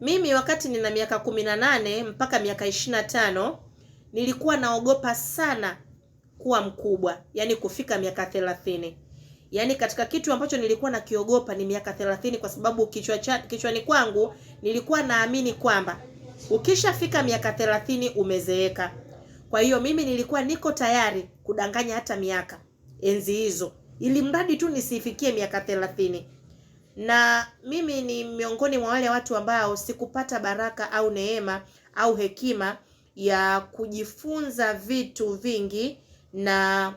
Mimi wakati nina miaka kumi na nane mpaka miaka ishirini na tano nilikuwa naogopa sana kuwa mkubwa, yani kufika miaka thelathini. Yaani katika kitu ambacho nilikuwa nakiogopa ni miaka thelathini, kwa sababu kichwa cha, kichwani kwangu nilikuwa naamini kwamba ukishafika miaka thelathini umezeeka. Kwa hiyo mimi nilikuwa niko tayari kudanganya hata miaka enzi hizo, ili mradi tu nisifikie miaka thelathini na mimi ni miongoni mwa wale watu ambao sikupata baraka au neema au hekima ya kujifunza vitu vingi na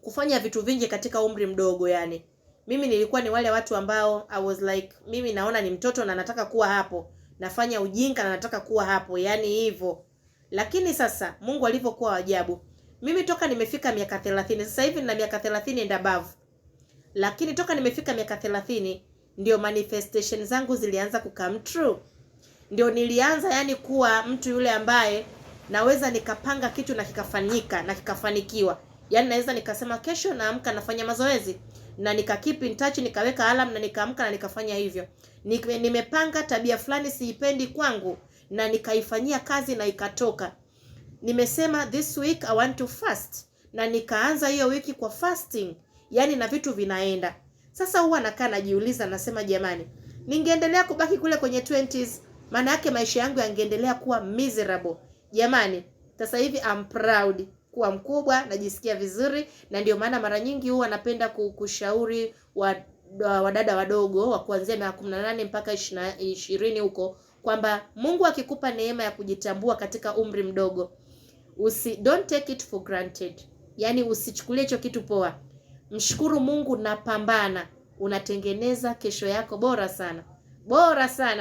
kufanya vitu vingi katika umri mdogo yani. Mimi nilikuwa ni wale watu ambao I was like mimi naona ni mtoto na nataka kuwa hapo. Nafanya ujinga na nataka kuwa hapo, yani hivyo. Lakini sasa Mungu alivyokuwa ajabu. Mimi toka nimefika miaka 30, sasa hivi nina miaka 30 ndabavu. Lakini toka nimefika miaka 30 ndio manifestation zangu zilianza kukam true, ndio nilianza yani kuwa mtu yule ambaye naweza nikapanga kitu na kikafanyika na kikafanikiwa. Yani naweza nikasema kesho naamka nafanya mazoezi na nika keep in touch, nikaweka alarm na nikaamka na nikafanya hivyo. Nimepanga tabia fulani siipendi kwangu na nikaifanyia kazi na ikatoka. Nimesema this week I want to fast na nikaanza hiyo wiki kwa fasting, yani na vitu vinaenda. Sasa huwa nakaa najiuliza, nasema jamani, ningeendelea kubaki kule kwenye 20s, maana yake maisha yangu yangeendelea kuwa miserable. Jamani, sasa hivi I'm proud kuwa mkubwa, najisikia vizuri, na ndio maana mara nyingi huwa napenda kushauri wa wadada wadogo wa kuanzia miaka 18 mpaka 20 huko kwamba Mungu akikupa neema ya kujitambua katika umri mdogo, usi don't take it for granted, yani usichukulie hicho kitu poa. Mshukuru Mungu, napambana. Unatengeneza kesho yako bora sana, bora sana.